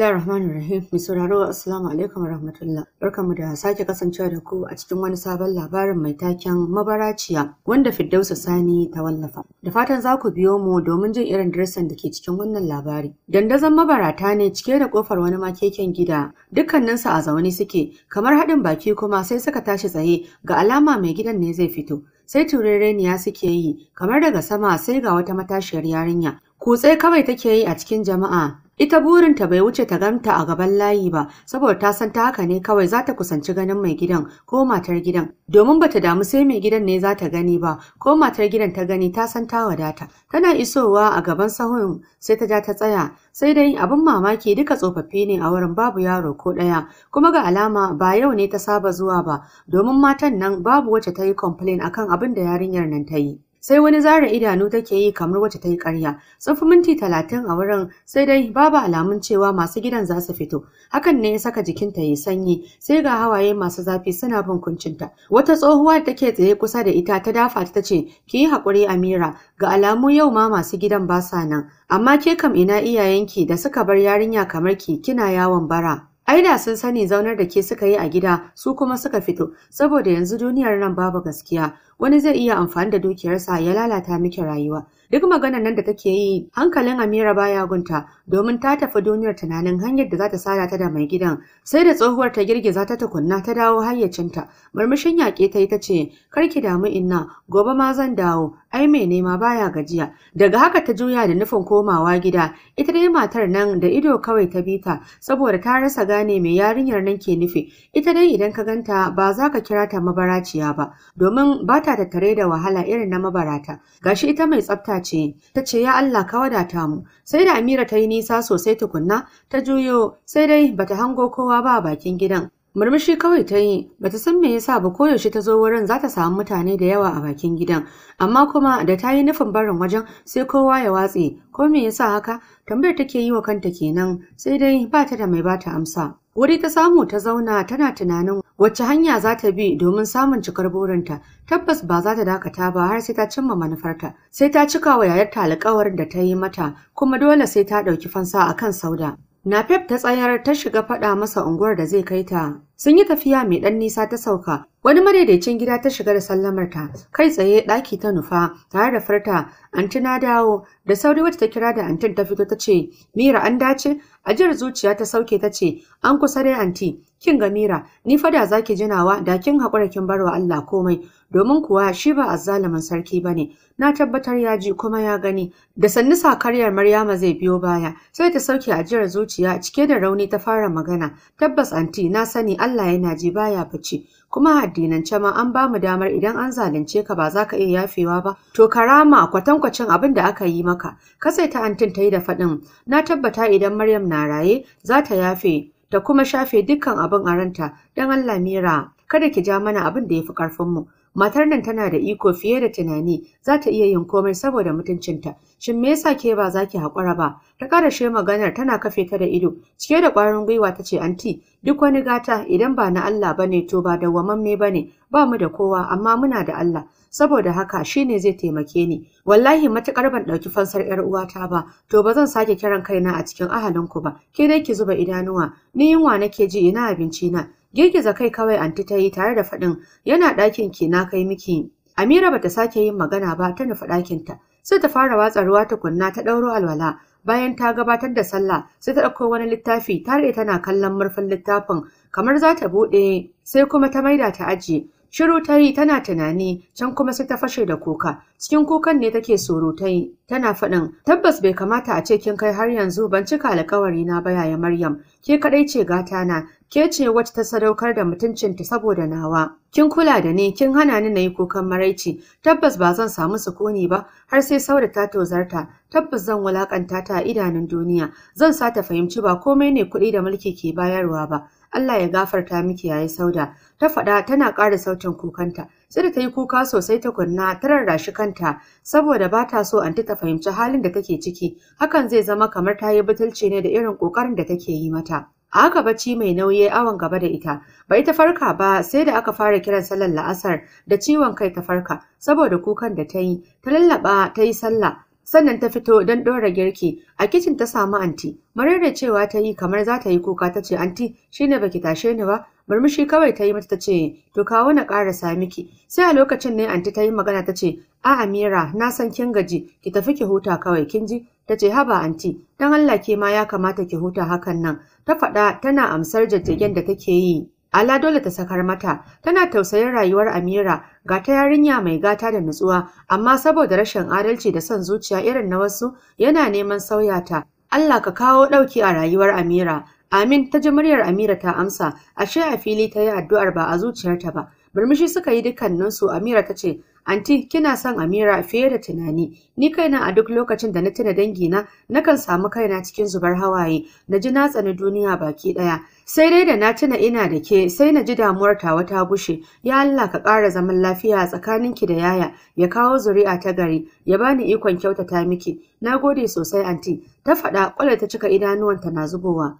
Bismillah rahman rahim mai sauraro assalamu alaikum warahmatullah. barkanmu da sake kasancewa da ku a cikin wani sabon labarin mai taken mabaraciya wanda Firdausa Sani ta wallafa da fatan za ku biyo mu domin jin irin darasin da ke cikin wannan labari dandazon mabarata ne cike da kofar wani makeken gida dukkanin a zaune suke kamar haɗin baki kuma sai suka tashi tsaye ga alama mai gidan ne zai fito sai turereniya suke yi kamar daga sama sai ga wata matashiyar yarinya kutse kawai take yi a cikin jama'a Ita burinta bai wuce ta gamta a gaban layi ba, saboda ta san ta haka ne kawai za ta kusanci ganin mai gidan ko matar gidan. Domin bata damu sai mai gidan ne za ta gani ba, ko matar gidan ta gani ta san ta wadata. Tana isowa a gaban sahun sai ta ja ta tsaya, sai dai abin mamaki duka tsofaffi ne a wurin babu yaro ko ɗaya, kuma ga alama ba yau ne ta saba zuwa ba, domin matan nan babu wacce ta yi complain akan abin da yarinyar nan ta yi. sai wani zara idanu take yi kamar wacce ta yi ƙarya tsofaffin minti talatin a wurin sai dai babu alamun cewa masu gidan za su fito hakan ne ya saka jikinta ya sanyi sai ga hawaye masu zafi suna bin kuncinta wata tsohuwa da take tsaye kusa da ita ta dafa ta ce ki yi haƙuri amira ga alamu yau ma masu gidan ba sa nan amma ke kam ina iyayenki da suka bar yarinya kamar ki kina yawon bara Aida sun sani zaunar da ke suka yi a gida su kuma suka fito saboda yanzu duniyar nan babu gaskiya wani zai iya amfani da dukiyarsa ya lalata miki rayuwa duk maganar nan da take yi hankalin Amira baya gunta domin ta tafi duniyar tunanin hanyar da za ta sara ta da mai gidan sai da tsohuwar ta girgiza ta tukunna ta dawo hayyacinta murmushin yaƙe ta yi ta ce "Kar ki damu inna gobe ma zan dawo ai mai nema baya gajiya daga haka ta juya da nufin komawa gida ita dai matar nan da ido kawai ta bi ta saboda ta rasa gane mai yarinyar nan ke nufi ita dai idan ka ganta ba za ka kira ta mabaraciya ba domin ba ta ta tattare da wahala irin na mabarata. Gashi ita mai tsafta ce, ta ce ya Allah ka wadata mu. Sai da Amira ta yi nisa sosai tukunna, ta juyo, sai dai bata hango kowa ba a bakin gidan. Murmushi kawai ta yi, bata san me yasa ba koyaushe ta zo wurin za ta samu mutane da yawa a bakin gidan, amma kuma da ta yi nufin barin wajen sai kowa ya watse, ko me yasa haka? Tambayar take yi wa kanta kenan, sai dai ba ta da mai bata amsa. Wuri ta samu ta zauna tana tunanin wacce hanya za ta bi domin samun cikar burinta. Tabbas ba za ta dakata ba har sai ta cimma manufarta. Sai ta cika wa yayarta alƙawarin da ta yi mata kuma dole sai ta ɗauki fansa akan sauda. Nafef ta tsayar ta shiga faɗa masa unguwar da zai kai ta Sun yi tafiya mai ɗan nisa ta sauka, wani madaidaicin gida ta shiga da sallamarta kai tsaye ɗaki ta nufa tare da farta, anti na dawo, da sauri wacce ta kira da antin ta fito ta ce, Mira an dace, ajiyar zuciya ta sauke ta ce, an kusa dai anti, kin ga Mira, ni fa da zaki jinawa da kin haƙura kin barwa Allah komai, domin kuwa shi ba azzalumin sarki ba ne. Na tabbatar ya ji kuma ya gani. Da sannu sa sakaryar Maryama zai biyo baya, sai ta sauke ajiyar zuciya cike da rauni ta fara magana. Tabbas anti na sani Allah yana ji baya bacci kuma addinance ma an ba mu damar idan an zalunce ka ba za ka iya yafewa ba to karama kwatankwacin abin da aka yi maka sai ta antin ta yi da faɗin na tabbata idan Maryam na raye za ta yafe ta kuma shafe dukkan abin a ranta don Allah mira kada ki ja mana abin da ya fi ƙarfinmu Matar nan tana da iko fiye da tunani, za ta iya yin komai saboda mutuncinta. Shin me yasa ke ba za ki haƙura ba? Ta ƙarashe maganar tana kafe ta da ido, cike da ƙwarin gwiwa ta ce anti, duk wani gata idan ba na Allah bane to ba dawwamamme bane, ba mu da kowa amma muna da Allah. Saboda haka shi ne zai taimake ni. Wallahi matuƙar ban ɗauki fansar ‘yar uwata ba, to ba zan sake kiran kaina a cikin ahalinku ba. Ke dai ki zuba idanuwa, ni yunwa nake ji ina abinci na. Girgiza kai kawai anti ta yi tare da faɗin yana ɗakin ke na kai miki. Amira bata sake yin magana ba ta nufi ɗakinta. Sai ta fara watsa ruwa tukunna ta ɗauro alwala. Bayan ta gabatar da sallah sai ta ɗauko wani littafi tare tana kallon murfin littafin kamar za ta buɗe sai kuma ta maida ta aji. Shiru ta yi tana tunani can kuma sai ta fashe da kuka. Cikin kukan ne take yi tana faɗin tabbas bai kamata a ce kin kai har yanzu ban cika alƙawari na ba yaya Maryam. Ke kaɗai ce gata na Ke ce wacce ta sadaukar da mutuncinta saboda nawa. Kin kula da ni, kin hana ni na yi kukan maraici, tabbas ba zan samu sukuni ba, har sai saura ta tozarta, tabbas zan wulakanta ta a idanun duniya, zan sa ta fahimci ba komai ne kuɗi da mulki ke bayarwa ba. Allah ya gafarta miki yayi sauda, ta faɗa tana ƙara sautin kukanta. Sai da ta yi kuka sosai tukunna ta rarra shi kanta saboda ba ta so anti ta fahimci halin da take ciki. Hakan zai zama kamar ta yi butulci ne da irin ƙoƙarin da take yi mata. A bacci mai nauyi awon gaba da ita, bai ta farka ba sai da aka fara kiran sallar la'asar da ciwon kai ta farka saboda kukan da ta yi, ta lallaba ta yi sallah sannan ta fito don ɗora girki a kicin ta samu anti marar da cewa ta yi kamar za ta yi kuka ta ce anti shine baki tashe ni ba murmushi kawai ta yi mata ta ce to kawo na karasa miki sai a lokacin ne anti ta yi magana ta ce a amira na san kin gaji ki tafi ki huta kawai kin ji ta ce haba anti don Allah ke ma ya kamata ki huta hakan nan ta faɗa tana amsar jajjagen da take yi Ala dole ta sakar mata, tana tausayin rayuwar Amira, ga ta yarinya mai gata da nutsuwa, amma saboda rashin adalci da son zuciya irin na wasu yana neman sauya ta. Allah ka kawo ɗauki a rayuwar Amira. Amin ta ji muryar Amira ta amsa, ashe a fili ta yi addu'ar ba a zuciyarta ba. Murmushi suka yi dukkaninsu Amira ta ce, Anti, kina son Amira fiye da tunani. Ni kaina a duk lokacin da na tuna dangina, nakan samu kaina cikin zubar hawaye, na ji na tsani duniya baki ɗaya. Sai dai da na tuna ina da ke, sai na ji damuwar tawa ta gushe. Ya Allah ka ƙara zaman lafiya tsakanin ki da yaya, ya kawo zuri'a ta gari, ya bani ikon kyautata miki. Na gode sosai anti, ta faɗa ƙwalar ta cika idanuwanta na zubowa.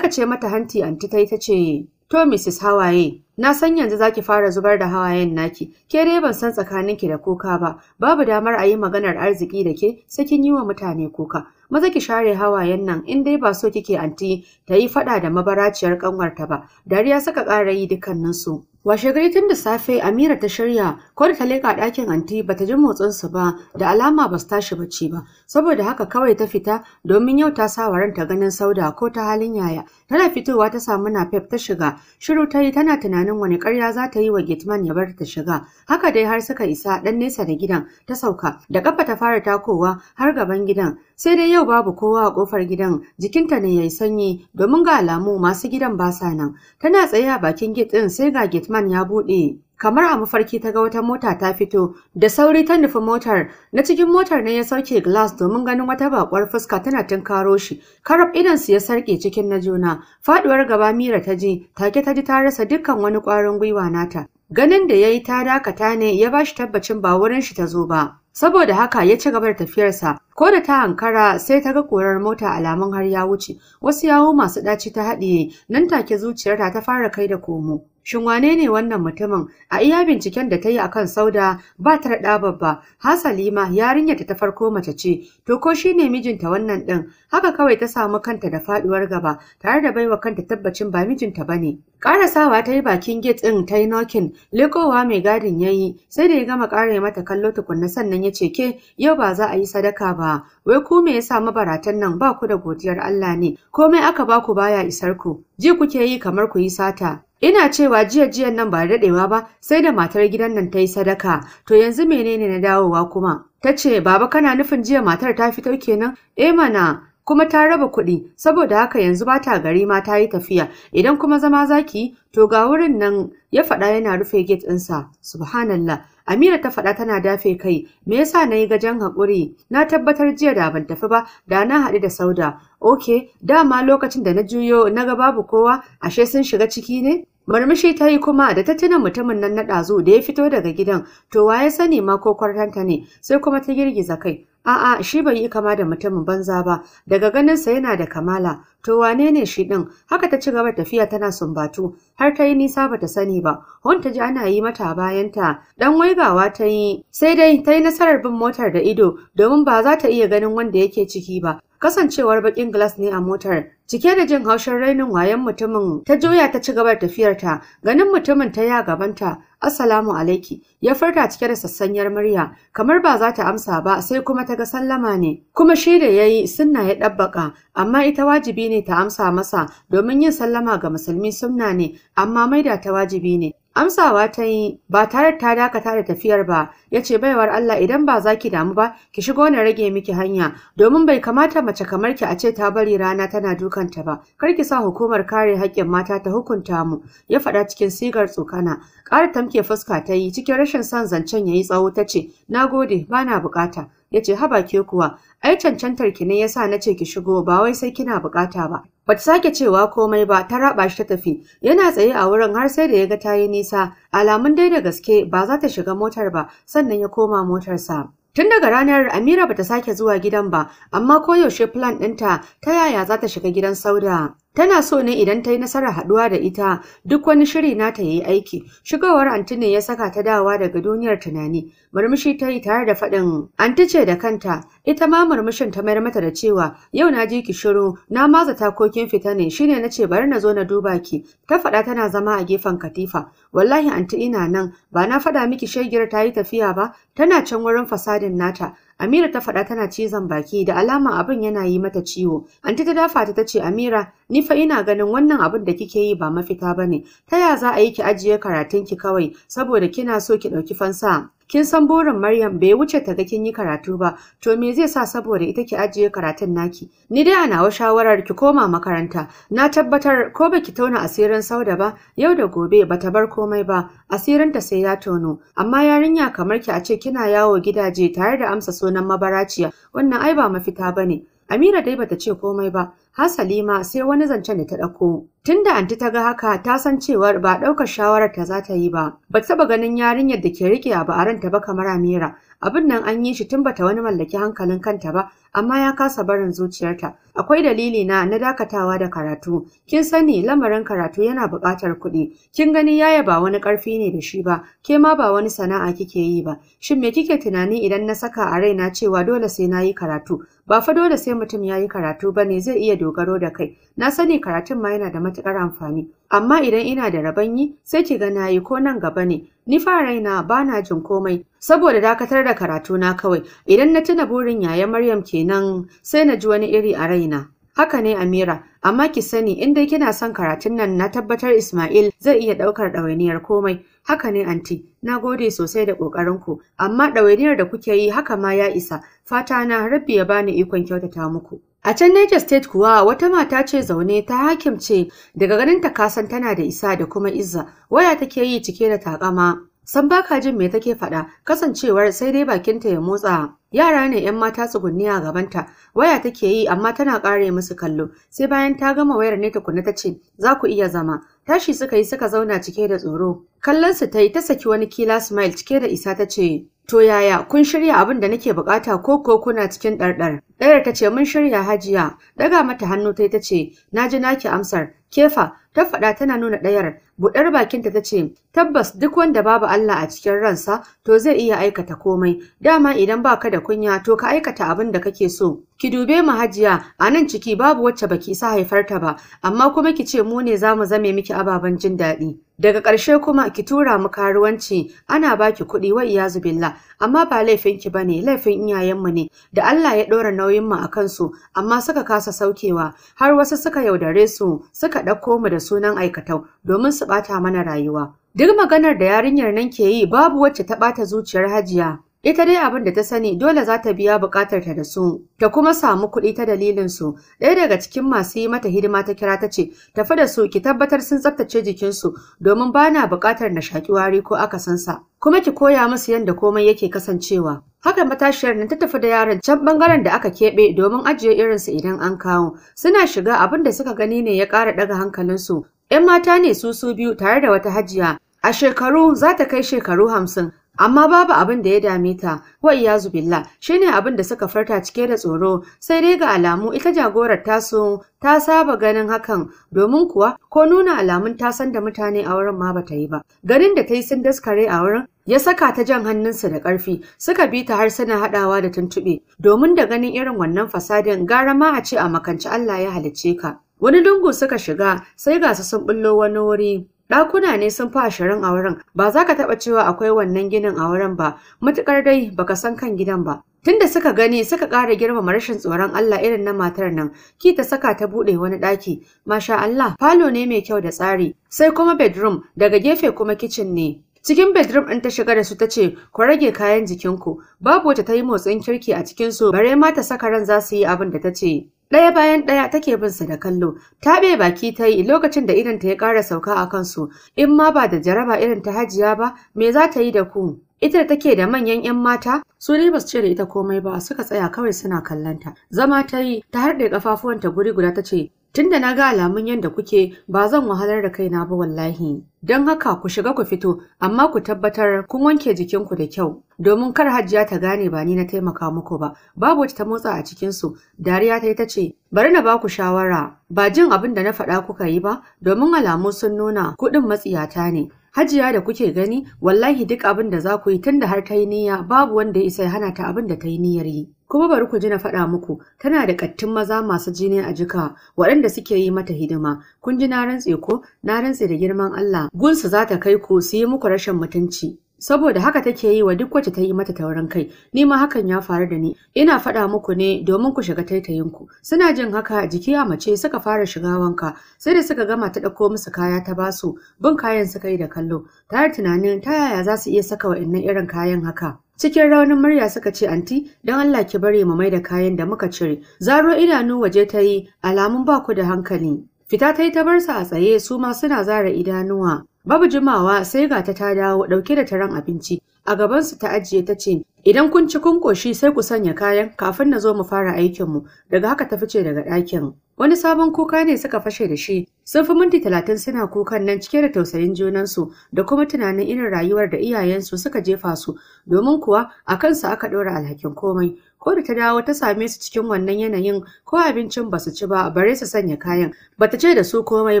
ce mata hanti anti ta yi ce, To Mrs. Hawaye, na san yanzu zaki fara zubar da hawayen naki. Ke dai ban san tsakaninki da kuka ba. Babu damar a yi maganar arziki da ke sai kin yi wa mutane kuka. Maza ki share hawayen nan in dai ba so kike anti ta yi fada da mabaraciyar kanwarta ba. Dariya saka ƙara yi dukkaninsu. Washegari tun da safe Amira ta shirya ko da ta leka ɗakin anti ba ta ji motsinsu ba da alama ba su tashi bacci ba saboda haka kawai ta fita domin yau ta sa ta ganin sauda ko ta halin yaya tana fitowa ta samu pep ta shiga shiru ta yi tana tunanin wani ƙarya za ta yi wa Gitman ya bar ta shiga haka dai har suka isa ɗan nesa da gidan ta sauka da ƙafa ta fara takowa har gaban gidan sai dai yau babu kowa a kofar gidan jikinta ne yayi sanyi domin ga alamu masu gidan basa nan tana tsaye a bakin gate din sai ga man ya buɗe. kamar a mafarki ta ga wata mota ta fito da sauri ta nufi motar na cikin motar ne ya sauke glass domin ganin wata bakwar fuska tana tunkaro shi karab idan su ya sarƙe cikin na juna Faɗuwar gaba mira ta ji take ta ji ta rasa dukkan wani kwarin gwiwa nata ganin da yayi ta dakata ne ya bashi tabbacin ba wurin shi ta zo ba saboda haka ya ci gaba da tafiyarsa Ko da ta hankara sai ta ga korar mota alamun har ya wuce, wasu yawo masu ɗaci ta haɗiye, nan take zuciyarta ta fara kai da komo. Shin wane ne wannan mutumin? A iya binciken da ta yi akan Sauda ba ta da babba, hasali ma yarinyarta ta farko mace ce, to ko shi ne mijinta wannan ɗin, haka kawai ta samu kanta da faɗuwar gaba, tare da baiwa kanta tabbacin ba mijinta ba ne. Karasawa ta yi bakin gate ɗin ta yi nokin, lekowa mai gadin ya yi, sai da ya gama ƙara mata kallo tukunna sannan ya ce ke yau ba za a yi sadaka ba. ba, wai ku me yasa mabaratan nan ba ku da godiyar Allah ne, komai aka ba ku baya isar ku, ji kuke yi kamar ku yi sata. Ina cewa jiya jiyan nan ba da daɗewa ba sai da matar gidan nan ta yi sadaka, to yanzu menene na dawowa kuma? Ta ce, Baba kana nufin jiya matar ta fito kenan? Eh mana, kuma ta raba kuɗi saboda haka yanzu ba ta gari ma ta yi tafiya idan kuma zama zaki to ga wurin nan ya faɗa yana rufe gate ɗinsa subhanallah Amira ta faɗa tana dafe kai, me yasa na yi gajen haƙuri? Na tabbatar jiya da ban tafi ba, da na haɗu da Sauda. Ok, dama lokacin da na juyo na ga babu kowa, ashe sun shiga ciki ne? Marmishi ta yi kuma da ta tuna mutumin nan na ɗazu da ya fito daga gidan, to wa ya sani ma ko kwartanta ne, sai kuma ta girgiza kai. A'a shi bai yi kama da mutumin banza ba, daga ganinsa yana da kamala, to wane ne shi ɗin? Haka ta ci gaba tafiya tana sumbatu, har ta yi nisa ba ta sani ba, hon ta ji ana yi mata bayanta, ɗan waigawa ta yi, sai dai ta yi nasarar bin motar da ido, domin ba za ta iya ganin wanda yake ciki ba, kasancewar bakin glass ne a motar cike da jin haushin rainin wayan mutumin ta juya ta ci gaba da tafiyarta ganin mutumin ta ya gabanta assalamu alaiki ya farta cike da sassanyar murya kamar ba za ta amsa ba sai kuma ta ga sallama ne kuma shi da yayi sunna ya dabbaka amma ita wajibi ne ta amsa masa domin yin sallama ga musulmi sunna ne amma maida ta wajibi ne Amsawa ta yi ba tare ta dakata da tafiyar ba, ya ce baiwar Allah idan ba za ki damu ba, ki shigo na rage miki hanya, domin bai kamata mace kamar ki a ce ta bari rana tana dukanta ba, kar ki sa hukumar kare haƙƙin mata ta hukunta mu, ya faɗa cikin sigar tsokana. Ƙara tamke fuska ta yi cikin rashin son zancen ya yi tsawo ta ce, na gode, ba na buƙata. Ya ce, haba ke kuwa, ai cancantar ki ne sa na ce ki shigo ba wai sai kina buƙata ba. Bata sake cewa komai ba ta raba shi ta tafi. Yana tsaye a wurin har sai da ya ga ta yi nisa. Alamun dai da gaske ba za ta shiga motar ba sannan ya koma motarsa. Tun daga ranar Amira bata sake zuwa gidan ba, amma koyaushe plan ɗinta ta yaya za ta shiga gidan Sauda. Tana so ne idan ta yi nasarar haɗuwa da ita duk wani shiri na ta yi aiki. Shigowar anti ne ya saka ta dawa daga duniyar tunani. Murmushi ta yi tare da faɗin anti ce da kanta. Ita ma murmushin ta mayar mata da cewa yau na ji ki shiru na ta takokin fita ne shine na ce bari na zo na duba ki. Ta faɗa tana zama a gefen katifa. Wallahi anti ina nan ba na faɗa miki shaigiyar ta yi tafiya ba tana can wurin fasadin nata. Amira ta faɗa tana cizon baki da alama abin yana yi mata ciwo. Anti ta dafa ta tace Amira, ni fa ina ganin wannan abin da kike yi ba mafita bane. Ta ya za a yi ki ajiye karatunki kawai saboda kina so ki ɗauki fansa kin san burin Maryam bai wuce ta ga kin yi karatu ba to me zai sa saboda ita ki ajiye karatun naki ni dai ana wa shawarar ki koma makaranta na tabbatar ko baki tauna asirin Sauda ba yau da gobe ba ta bar komai ba asirin ta sai ya tono amma yarinya kamar ki a ce kina yawo gidaje tare da amsa sunan mabaraciya wannan ai ba mafita ba ne. Amira dai bata ce komai ba Hasali ma sai wani zancen da ta ɗauko. Tunda anti ta ga haka ta san cewar ba ɗaukar shawarar ta za ta yi ba. Ba ta taɓa ganin yarinyar da ke riƙe a ba a ba kamar Amira. Abin nan an yi shi tun bata wani mallaki hankalin kanta ba, amma ya kasa barin zuciyarta. Akwai dalili na na dakatawa da karatu. Kin sani lamarin karatu yana buƙatar kuɗi. Kin gani yaya ba wani ƙarfi ne da shi ba, ke ma ba wani sana'a kike yi ba. Shin me kike tunani idan na saka a raina cewa dole sai na yi karatu? Ba fa dole sai mutum ya yi karatu ba ne zai iya dogaro da kai. Na sani karatun ma yana da matuƙar amfani. Amma idan ina da rabanyi sai ki ga na yi ko nan gaba ne. Ni fa raina bana jin komai saboda dakatar da karatu na kawai idan na tuna burin yaya Maryam kenan sai na ji wani iri a raina. Haka ne Amira, amma ki sani in dai kina son karatun nan na tabbatar Ismail zai iya ɗaukar ɗawainiyar komai. Haka ne anti, na gode sosai da ƙoƙarinku, amma ɗawainiyar da kuke yi haka ma ya isa, fata na rabbi ya bani ikon kyautata muku. A can Niger State kuwa wata mata ce zaune ta hakimce daga ganin ta kasan tana da isa da kuma izza waya take yi cike da takama san baka jin me take faɗa kasancewar sai dai bakinta ya motsa yara ne yan mata tsugunni a gabanta waya take yi amma tana kare musu kallo sai bayan ta gama wayar ne kunna ta ce za ku iya zama tashi suka yi suka zauna cike da tsoro kallon su ta yi ta saki wani kila smile cike da isa ta ce to yaya kun shirya abin da nake bukata ko ko kuna cikin ɗarɗar Ɗayar ta ce mun shirya hajiya, daga mata hannu ta ita ce, na ji naki amsar, kefa, ta faɗa tana nuna ɗayar, buɗar bakinta ta ce, tabbas duk wanda babu Allah a cikin ransa, to zai iya aikata komai, dama idan baka da kunya, to ka aikata abin da kake so. Ki dube mu hajiya, a nan ciki babu wacce baki sa ta ba, amma kuma ki ce mu ne zamu mu zame miki ababen jin daɗi. Daga ƙarshe kuma ki tura mu karuwanci ana baki kuɗi wai ya zubilla. amma ba laifin ki ne. laifin iyayenmu ne da Allah ya ɗora nauyi nauyin mu akan su amma suka kasa saukewa har wasu suka yaudare su suka ɗauko mu da sunan aikatau domin su ɓata mana rayuwa. Duk maganar da yarinyar nan ke yi babu wacce ta ɓata zuciyar hajiya Ita dai abin da ta sani dole za ta biya bukatar ta da su, ta kuma samu kuɗi ta dalilin su. Ɗaya daga cikin masu yi mata hidima ta kira ta ce, tafi da su ki tabbatar sun tsaftace jikinsu domin ba na bukatar na shaki wari ko akasinsa. Kuma ki koya musu yadda komai yake kasancewa. Haka matashiyar nan ta tafi da yaron can bangaren da aka keɓe domin ajiye irin su idan an kawo. Suna shiga abin da suka gani ne ya ƙara ɗaga hankalin su. ‘Yan mata ne su su biyu tare da wata hajiya. A shekaru za ta kai shekaru hamsin, amma babu abin da ya dame ta wai ya zubilla, shine abin da suka farta cike da tsoro sai dai ga alamu ita jagorar tasu ta saba ganin hakan domin kuwa ko nuna alamun ta san da mutane a wurin ma bata yi ba ganin da ta yi sun daskare a wurin ya saka ta jan hannunsa da ƙarfi suka bi ta har suna haɗawa da tuntuɓe domin da ganin irin wannan fasadin gara ma a ce a makanci Allah ya halicce ka wani dungu suka shiga sai ga su sun bullo wani wuri Ɗakuna ne sun fi ashirin a wurin, ba za ka taɓa cewa akwai wannan ginin a wurin ba, matuƙar dai baka san kan gidan ba. Tunda suka gani suka ƙara girmama rashin tsoron Allah irin na matar nan, ki ta saka ta buɗe wani ɗaki, masha Allah, falo ne mai kyau da tsari, sai kuma bedroom daga gefe kuma kicin ne. Cikin bedroom ɗin ta shiga da su ta ce, ku rage kayan jikinku, babu wata ta yi motsin kirki a cikinsu bare ma ta saka ran za su yi abin da ta ce. ɗaya bayan ɗaya take bin sa da kallo ta ɓe baki ta yi lokacin da idanta ya ƙara sauka a kansu in ma ba da jaraba irin ta hajiya ba me za ta yi da ku ita da take da manyan 'yan mata su ne basu ce da ita komai ba suka tsaya kawai suna kallonta zama ta yi ta harɗe kafafuwanta guri guda ta ce tun da na ga alamun yadda kuke ba zan wahalar da kaina ba wallahi. Don haka ku shiga ku fito amma ku tabbatar kun wanke jikinku da kyau domin kar hajjiya ta gane ba ni na taimaka muku ba. Babu wata ta motsa a cikinsu dariya ta yi ta ce bari na ba ku shawara ba jin abin da na faɗa kuka yi ba domin alamu sun nuna kuɗin matsiyata ne. Hajiya da kuke gani wallahi duk abin da za ku yi da har ta yi niyya babu wanda ya isa ya hana ta abin da ta yi niyyar yi. Kuma bari ku ji na faɗa muku tana da kattun maza masu jini a jika waɗanda suke yi mata hidima. Kun ji na rantse ko na rantse da girman Allah gunsu za ta kai ku su yi muku rashin mutunci. saboda haka take yi wa duk wacce ta yi mata taurin kai ni ma hakan ya faru da ni ina faɗa muku ne domin ku shiga taitayin ku suna jin haka jiki a mace suka fara shiga wanka sai da suka gama ta ɗauko musu kaya ta basu bin kayan suka yi da kallo tare tunanin ta yaya za su iya saka innan irin kayan haka cikin raunin murya suka ce anti don Allah ki bari mu mai da kayan da muka cire zaro idanu waje ta yi alamun ba ku da hankali fita ta yi ta bar su a tsaye su ma suna zara idanuwa Babu jimawa sai ga ta ta dawo ɗauke da taron abinci. A gaban su ta ajiye ta ce, Idan kun ci kun koshi sai ku sanya kayan kafin na zo mu fara aikin mu Daga haka ta fice daga ɗakin. Wani sabon kuka ne suka fashe da shi. Sun fi minti talatin suna kukan nan cike da tausayin junansu da kuma tunanin irin rayuwar da iyayensu suka jefa su. Domin kuwa a kansu aka ɗora alhakin komai. Ko da ta dawo ta same su cikin wannan yanayin ko abincin ba su ci ba bare su sanya kayan. Ba ta ce da su komai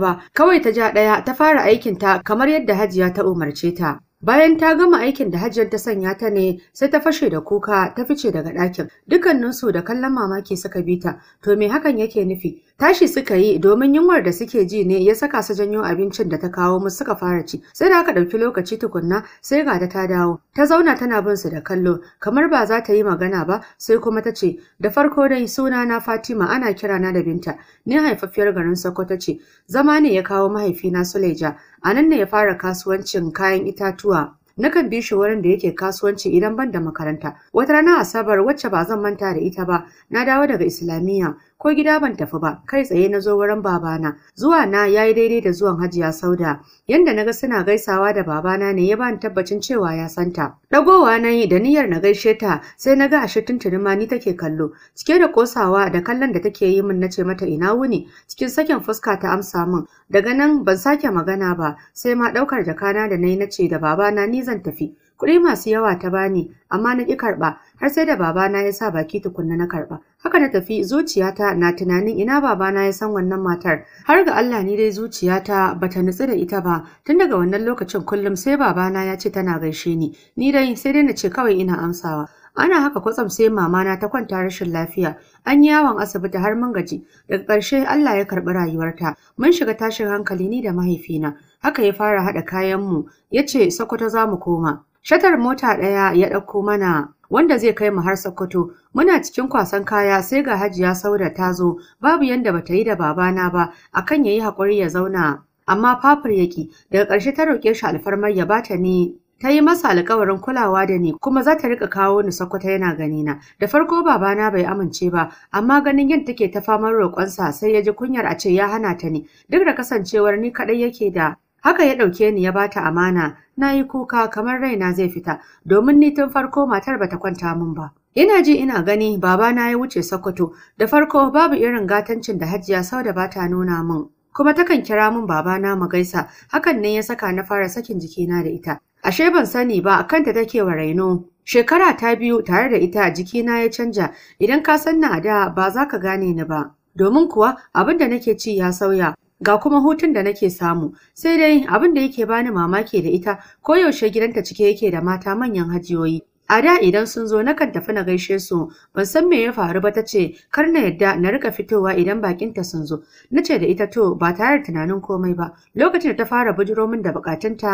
ba, kawai ta ja ɗaya ta fara aikin ta kamar yadda Hajiya ta umarce ta. Bayan ta gama aikin da hajiyar ta sanya ta ne sai ta fashe da kuka ta fice daga ɗakin. Dukkaninsu da kallon mamaki suka bi ta, to me hakan yake nufi? Tashi suka yi domin yunwar da suke ji ne ya saka su janyo abincin da ta kawo musu suka fara ci. Sai da aka ɗauki lokaci tukunna sai ga ta dawo. Ta zauna tana bin su da kallo kamar ba za ta yi magana ba sai kuma ta ce da farko dai suna na Fatima ana kira na da Binta. Ni haifaffiyar garin Sokoto ce. Zama ne ya kawo mahaifina Suleja. A nan ne ya fara kasuwancin kayan itatuwa nakan bi shi wurin da yake kasuwanci idan ban da makaranta. Wata rana Asabar wacce ba zan manta da ita ba, na dawo daga Islamiyya ko gida ban tafi ba kai tsaye na zo wurin babana zuwa na yayi daidai da zuwan Hajiya Sauda yanda naga suna gaisawa da babana ne ya bani tabbacin cewa ya santa dagowa na yi da niyyar na gaishe ta sai naga ashe tuntuni ma ni take kallo cike da kosawa da kallon da take yi min nace mata ina wuni cikin sakin fuska ta amsa min daga nan ban sake magana ba sai ma ɗaukar jakana da nayi nace da babana ni zan tafi Kuɗi masu yawa ta bani, amma na ƙi karɓa, har sai da babana ya sa baki tukunna na karɓa. Haka na tafi zuciyata na tunanin ina babana ya san wannan matar, har ga Allah ni dai zuciyata bata nutsu da ita ba, tun daga wannan lokacin kullum sai babana ya ce tana gaishe ni, ni dai sai dai na ce kawai ina amsawa. Ana haka kwatsam sai mamana ta kwanta rashin lafiya, an yi yawon asibiti har mun gaji, daga ƙarshe Allah ya karɓi rayuwarta, mun shiga tashin hankali ni da mahaifina, haka ya fara haɗa kayanmu, ya ce Sokoto za mu koma. Shatar mota ɗaya ya ɗauko mana wanda zai kai mu har Sokoto. Muna cikin kwasan kaya sai ga Hajiya Sauda ta zo, babu yanda bata yi da babana ba, akan yayi hakuri ya zauna. Amma fafur yaki, daga ƙarshe ta roƙe shi alfarmar ya bata ni ta yi masa alkawarin kulawa da ni kuma za ta rika kawo ni Sokoto yana gani na, Da farko babana bai amince ba, amma ganin yin take ta famar roƙonsa sai ya ji kunyar a ce ya hana ta ni, duk da kasancewar ni kaɗai yake da Haka ya ɗauke ni ya bata amana, na yi kuka kamar raina zai fita, domin ni tun farko matar bata kwanta min ba. Ina ji ina gani babana ya wuce Sokoto, da farko babu irin gatancin da Hajiya sau da bata nuna min. Kuma takan kira min babana mu gaisa, hakan ne ya saka na fara sakin jikina da ita. Ashe ban sani ba, kanta take wa raino. Shekara ta biyu tare da ita jikina ya canja, idan ka san na da ba za ka gane ni ba. domin kuwa abin da nake ci ya sauya ga kuma hutun da nake samu sai dai abin da yake bani mamaki da ita ko yaushe gidanta cike yake da mata manyan hajiyoyi A da idan sun zo na kan tafi na gaishe su, ban san me ya faru ba ta ce, kar na yadda na rika fitowa idan bakinta sun zo. Na ce da ita to ba tare da tunanin komai ba. Lokacin da ta fara bujiro min da bukatunta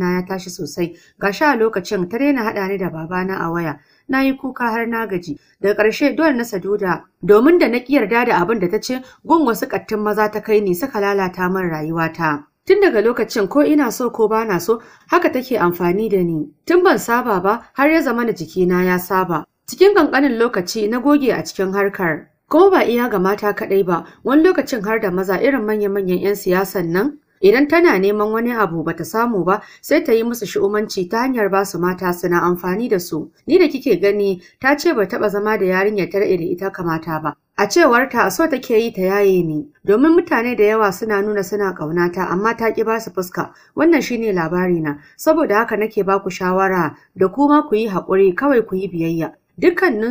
na ya tashi sosai. Ga sha lokacin ta daina haɗa ni da babana a waya. na yi kuka har na gaji daga ƙarshe dole na saduda domin da na ƙi yarda da abin da ta ce gun wasu ƙattun maza ta kai ni suka lalata min rayuwata Tun daga lokacin ko ina so ko bana so haka take amfani da ni. Tun ban saba ba har ya zama na jikina ya saba. Cikin kankanin lokaci na goge a cikin harkar. Kuma ba iya ga mata kaɗai ba, wani lokacin har da maza irin manya-manyan 'yan siyasan nan Idan tana neman wani abu ba ta samu ba sai ta yi musu shi'umanci ta hanyar ba su mata suna amfani da su. Ni da kike gani ta ce ba taɓa zama da yarinyar ta da ita kamata ba. A cewarta so take yi ta yaye ni, domin mutane da yawa suna nuna suna ƙaunata amma ta ƙi ba su fuska, wannan shine labarina, saboda haka nake baku shawara da kuma ku yi haƙuri kawai ku yi biyayya.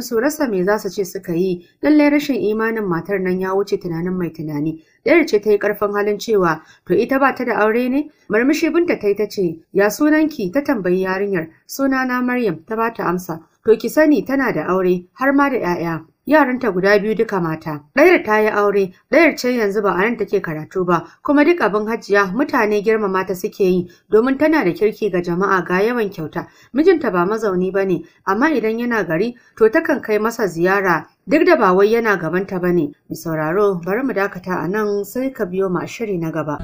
su rasa me za su ce suka yi, lallai rashin imanin matar nan ya wuce tunanin mai tunani. Dayar ce ta yi ƙarfin halin cewa, to ita ba ta da aure ne? Marmishi binta ta yi ta ce, ya sunanki ta tambayi yarinyar, sunana Maryam ta ba ta amsa, to ki sani tana da aure har ma da 'ya'ya. yaranta guda biyu duka mata. Ɗayar ta yi aure, ɗayar ce yanzu ba a nan take karatu ba, kuma duk abin hajiya mutane girmama ta suke yi domin tana da kirki ga jama'a ga yawan kyauta. Mijinta ba mazauni ba ne, amma idan yana gari to takan kai masa ziyara duk da ba wai yana gabanta ba ne. Mu sauraro bari mu dakata a nan sai ka biyo ma shiri na gaba.